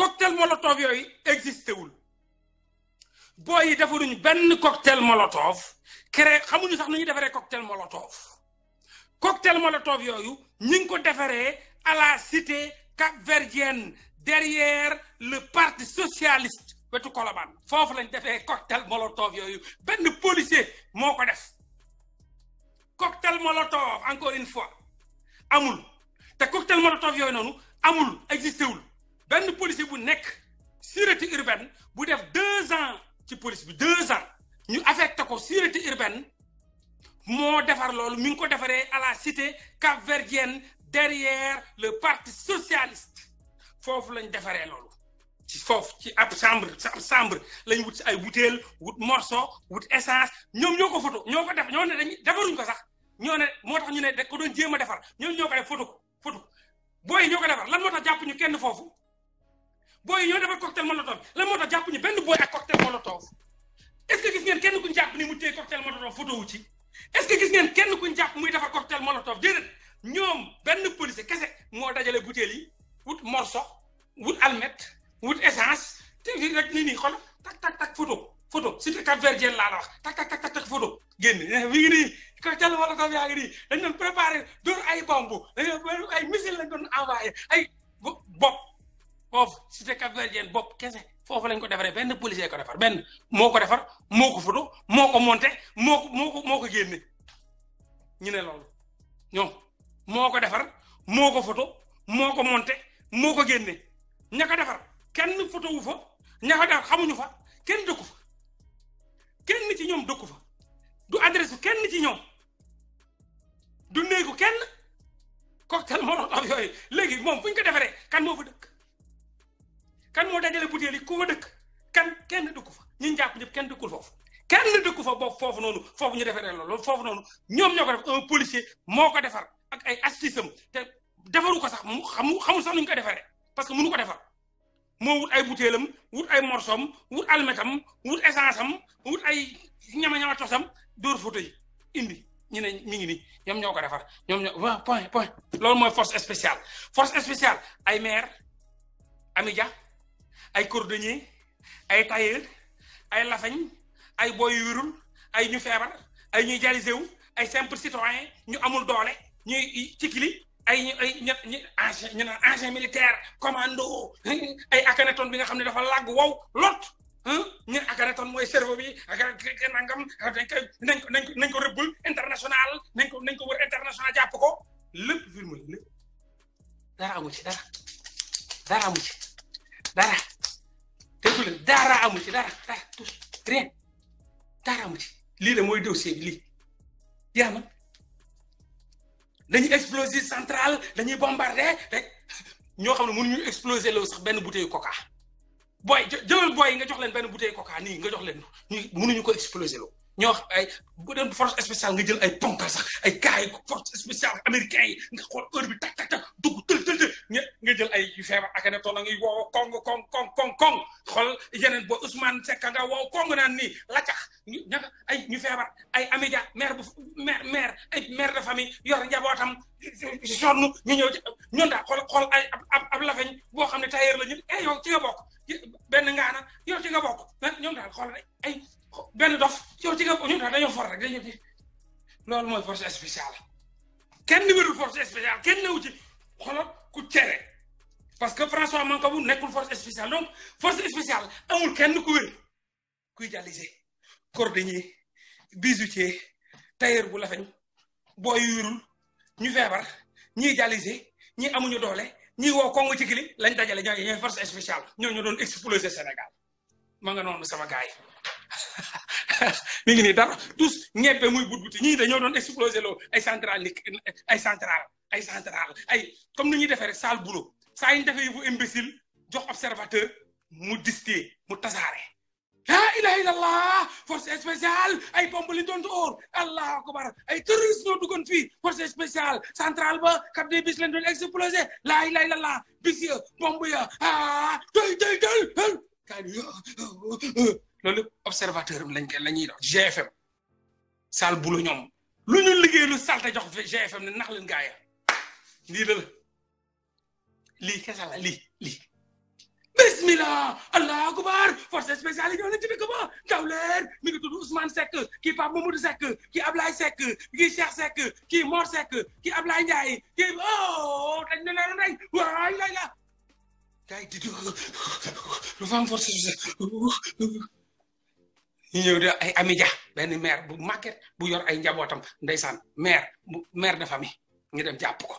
cocktail molotov yoy existé wul y yi une ben cocktail molotov créé xamuñu sax nu cocktail molotov cocktail molotov yooyu ñing ko à la cité cap Verdienne derrière le parti socialiste wetu Colobane fofu lañ défé cocktail molotov Ben ben policier moko def cocktail molotov encore une fois amul te cocktail molotov yoy nonu amul existé ben policier bu nek sûreté urbaine bu def deux ans ci police deux ans ñu affecté ko urbaine mo défar lolu mi ngi ko à la cité verdienne derrière le parti socialiste vous lañ défaré lolu ci ci ab chambre ab chambre lañ wut ci ay wut morceau wut essence ñom ñoko photo ñoko def ñoo ne dañ ko sax ñoo ne ñu ne ko doon a ñoko def photo photo boy ñoko défar lan motax japp ñu kenn booy ñoo defar cocktail molotov lan moo tax jàpp ñu benn booy ak cocktail molotov est-ce que gis ngeen kenn kuñ jàpp ni mu téye cocktail molotov photo wu ci est-ce kenn kuñ jàpp muy defar cocktail molotov déedéet ñoom benn policier kese moo dajale butéel yi wut morso wut almet wut essence te rek nii nii xool tak tak tak photo photo surtout Cap Verdien laa la wax tak tak tak tak photo génn mi ngi nii cocktail molotov yaa ngi nii dañ doon préparé door ay bomb ay missile lañ doon envoyé ay bopp foofu cité Cap Verdien bopp kese foofu lañ ko defaree benn policier ko defar benn moo ko defar moo ko foto moo ko monté moo ko moo ko moo ko génne ñu ne loolu ñoom ko defar moo ko foto moo ko monté moo ko génne ña defar kenn fotowu wu fa ña ko defar xamuñu fa kenn dëkku fa kenn ci ñoom dëkku fa du adresse kenn ci ñoom du néegu kenn cocktail molotov yooyu léegi moom fu ñu ko defaree kan moo fa dëkk. kan moo dajale butéel yi koo fa dëkk kan kenn dëkku fa ñun jàpp ñëpp kenn dëkkul foofu kenn dëkku fa boobu foofu noonu foofu ñu defaree loolu foofu noonu ñoom ñoo ko def un policier moo ko defar ak ay astuce am te ko sax mu xamu xamul sax nuñ ko defaree parce que mënu ko defar moo wut ay butéelam wut ay morsoom wut almetam wut essence am wut ay ñama-ñama tosam dóor photo yi indi ñu ne mi ngi nii ñoom ñoo ko defar ñoom ñoo waaw point point loolu mooy force spéciale force spéciale ay maire Amidia ay cordonnier ay tailleur ay lafañ ay boy yu wirul ay ñu feebar ay ñuy jalisé wu ay simple citoyen ñu amul doole ñu ci kili ay ñu ay ñu ñu naan engin militaire commando ay Akhenaton bi nga xam ne dafa làgg wow lot ñu Akhenaton mooy cerveau bi ak nangam dañ ko nañ ko nañ ko rëbbul international nañ ko nañ ko wër international jàpp ko lépp film lépp dara amu ci dara dara amu dara. déglu leen dara amu ci dara dara tous rien dara ci lii de mooy dossier bi lii yaa ma dañuy exploser centrale dañuy bombarder rek ñoo xam ne mënuñu exploser loo sax benn bouteille coca booy jëlal booy nga jox leen benn bouteille koka nii nga jox leen ñu ko exploser loo ñoo ay bu doon force spéciale nga jël ay ponkal sax ay kaay yi force spéciale américain yi nga xool heure bi ta tak tak dugg nga nga jël ay feebar ak ne toll na ngi woow kong kong kong kong kong xool yeneen boo Ousmane Seck nga woow kong naan nii la tax ñu ñaka ay ñu feebar ay amidia mère bu mère mère ay mère de famille yor njabootam sonn ñu ñëw ci ñun daal xool xool ay ab ab lafeñ boo xam ne tailleur la ñu eh yow ci nga bokk benn ngaana yow ci nga bokk ñoom daal xool ay benn dof yow ci nga bokk ñun daal dañoo for rek dañoo loolu mooy force spéciale kenn numéro force spéciale kenn newu ci xoolal ku parce que François n'est qu'une force spéciale donc force spéciale amul kenn ku Qui kuy jàllise cordonnier bijoutier tailleur bu lafeñ booy yurul ñu feebar ñiy jàllise ñi amuñu doole ñi woo Congo ci kili lañ dajale ñooy force spéciale ñoo ñu doon exploser Sénégal ma nga noonu sama gars mi ngi nii dara tous ñebe muy but buti ñii dañoo doon exploser loo ay central ay central ay central ay comme ni ñuy defee rek sale boulot saa yi ñu defee yëfu imbécile jox observateur mu distee mu tasaare laa ilaha illallah force spéciale ay bomb li doon dóor allahu akbar ay terroriste ñoo duggoon fii force spéciale central ba cap des bis lañ doon explosé laa ilaha illallah bis ya bomb ya ah doy doy doy loolu observateur lañ koy la ñuy dox GFM sal bu la ñoom lu ñu liggéey lu salte jox GFM ne nax leen gaa ya lii la la lii kese la lii lii bismillah allah akubar force spéciale yi ñoo leen ci dëkk mi ngi tudd Ousmane Seck kii Pape Mamadou Seck kii Ablaye Seck kii Cheikh Seck kii Mor Seck kii Ablaye Ndiaye kii oh dañ ne leen rey waay lay la gars yi di lu fa force spéciale ñu ñëw ay ami ja ben maire bu màgget bu yor ay njabotam ndaysan maire maire de famille ñu dem japp ko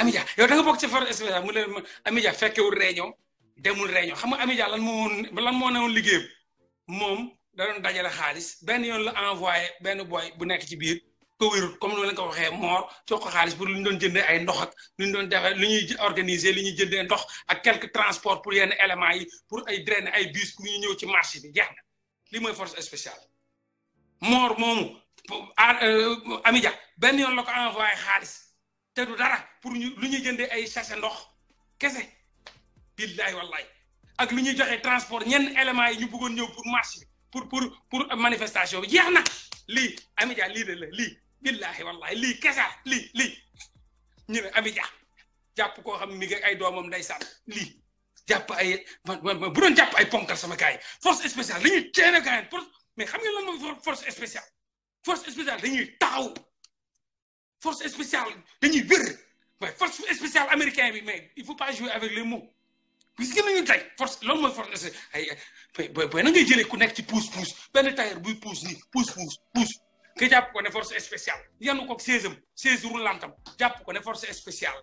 ami ja yow da nga bok ci for spécial mu leen ami ja fekke wu réunion demul réunion xam nga ami ja lan moo lan mo neewon liggéey mom da doon dajale xaaliss ben yon la envoyer ben boy bu nekk ci biir ko wérut comme ni ma ko waxee moor jox ko xaalis pour lu doon jëndee ay ndox ak lu doon defee lu ñuy organiser lu ñuy jëndee ndox ak quelques transports pour yenn élément yi pour ay drain ay bus ku ñu ñëw ci marché bi jeex na li force spéciale mor momu ah, euh, amidia ben yon lako envoyé khalis té du dara pour ñu lu ñu jëndé ay sachet ndox kese billahi wallahi ak lu ñu joxé transport ñen élément yi ñu bëggon ñëw pour marché pour pour pour manifestation bi jeex na lii amidia li de la li billahi wallahi li kessa li li ñu amidia japp ko xam mi ay domam ndaysan li jàpp ay bu doon jàpp ay ponkal sama gars yi force spéciale dañuy teene gars mais xam nga lan mooy force spéciale force spéciale dañuy taxaw force spéciale dañuy wér mais force spéciale américain bi mais il faut pas jouer avec les mots gis nga nañu tey force force ay boy boy na ngay jëlee ku nekk ci pousse pousse benn tailleur buy pousse nii pousse nga jàpp ko ne force spéciale yanu ko seize am seize roulantam jàpp ko ne force spéciale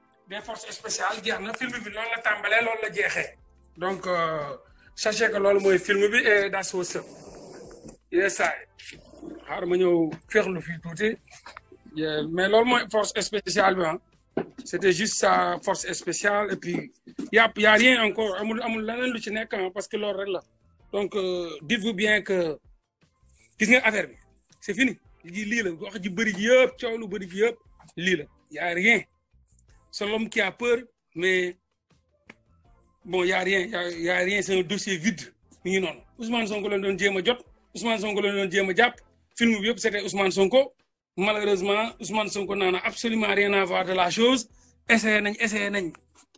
des forces spéciales jeex na film bi loolu la tàmbalee loolu la jeexee donc euh, sachez que loolu mooy film bi et that's what's up yeesaay xaar ma ñëw féexlu fii tuuti mais loolu mooy force spéciale bi ah c'était juste sa force spéciale et puis il y a rien encore amul amul leneen lu ci nekk ah, parce que loolu rek la donc euh, dites-vous bien que gis nga affaire bi c'est fini lii la wax ji bëri ji yëpp coow lu bëri ji yëpp lii la y a rien c'est l'homme qui a peur, mais bon, il n'y a rien, il n'y a, a, rien, c'est un dossier vide. Mais non, Ousmane Sonko l'a donné Djema Diop, Ousmane Sonko l'a donné Djema Diop, film c'était Ousmane Sonko. Malheureusement, Ousmane Sonko n'a absolument rien à voir de la chose. Essayez, essayez,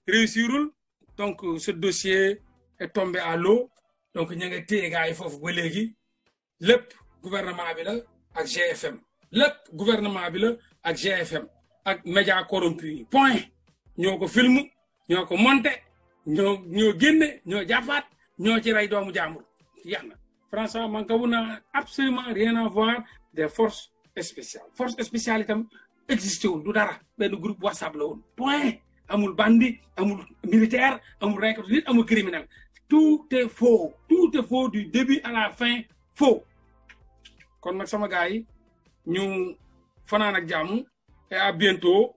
réussirul. Donc, euh, ce dossier est tombé à l'eau. Donc, nous avons été il faut vous le gouvernement Abila avec GFM. Le gouvernement Abila avec GFM. ak média corrompu yi point ñoo ko film ñoo ko monté ñoo ñoo génne ñoo jàppaat ñoo ci rey doomu jàmbur yax na François Mancabou n'a absolument rien à voir des forces spéciales force spéciale itam existé wul du dara benn groupe whatsapp la woon point amul bandi amul militaire amul reykatu amul criminel tout est faux tout est faux du début à la fin faux kon nag sama yi ñu fanaan ak jàmm et à bientôt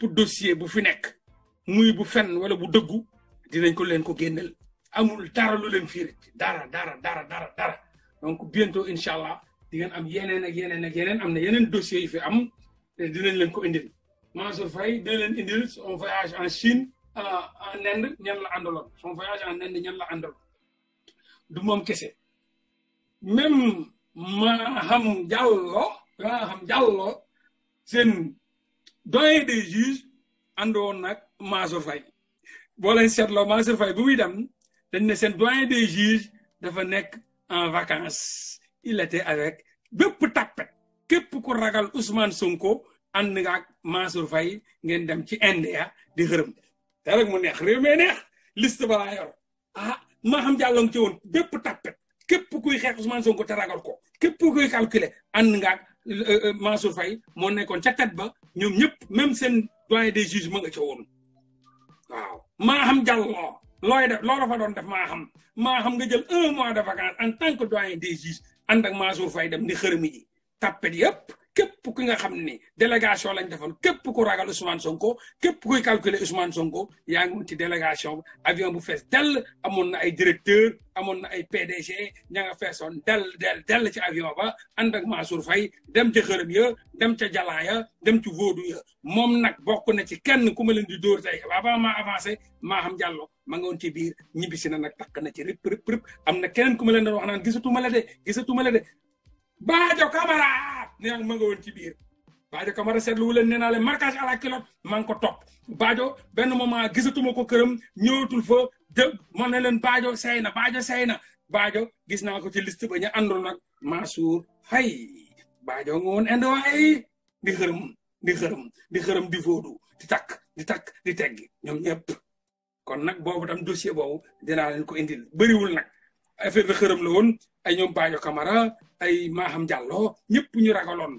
pour dossier bu fi nek muy bu fenn wala bu deggu dinañ ko ko amul dara dara dara dara dara donc bientôt di am ak ak fi am voyage en Chine euh, en Inde ñan la son voyage en Inde ñan la du même doyen des juges àndoon nag Mansour Faye boo leen seetloo Mansour bu muy dem dañ ne seen doyen des juges dafa nekk en vacance il était avec bépp tapet képp ku ragal Ousmane Sonko ànd nga ak Mansour Faye ngeen dem ci India di xërëm te rek mu neex réew mee neex liste balaa yor ah maa xam jàllong ci woon bépp tapet képp kuy xeex Ousmane Sonko te ragal ko képp kuy calculer ànd nga ak Euh, euh, euh, Mansour Faye moo nekkoon ca kat ba ñoom ñëpp même seen doyen des juges ma nga ca woon waaw maa xam loo looy def loola fa doon def maa xam maa xam nga jël un mois de vacances en tant que doyen des juges ànd ak Mansour Faye dem di xërëmi ji tàppet yëpp képp ku nga xam ni délégation lañ defoon képp ku ragal Ousmane Sonko képp kuy calculer Ousmane Sonko yaa ngi woon ci délégation avion bu fees dell amoon na ay directeur amoon na ay PDG ña nga feesoon dell dell dell ci avion ba ànd ak Mansour Faye dem ca xërëm yë dem ca jalan ya dem ci voodu ya moom nag bokk na ci kenn ku ma leen di dóor tey avant maa avancé maa xam jàllo ma nga woon ci biir ñibbisi na nag takk na ci rëpp rëpp rëpp am na keneen ku ma leen doon wax naan gisatuma la de gisatuma la Niang ma nga ci biir Badio Camara seetlu wu leen nee naa leen marquage à la culotte maa ngi ko topp Badio benn moment gisatuma ko këram ñëwatul fa dé ma ne leen Badio say na Badio say na Badio gis naa ko ci liste ba ñu àndoon nag Mansour Faye Badio nga woon indi waay di xërëm di xërëm di xërëm di voodu di takk di takk di teggi ñoom ñëpp kon nag boobu tam dossier boobu dinaa leen ko indil bëriwul nag affaire de xërëm la woon ay ñoom Badio Camara ay Maham Diallo ñëpp ñu ragaloon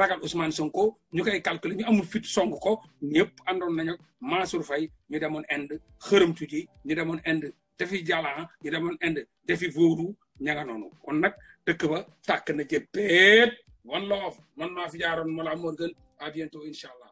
ragal Ousmane Sonko ñu koy calculer ñu amul fit song ko ñëpp àndoon nañu Mansour Faye ñu demoon Inde xërëmtu ji ñu demoon Inde defi Jalan ñu demoon Inde defi Vóoru ña nga noonu kon nag dëkk ba tàkk na jëppeet one love man maa fi jaaroon Mollah Morgun à bientôt incha allah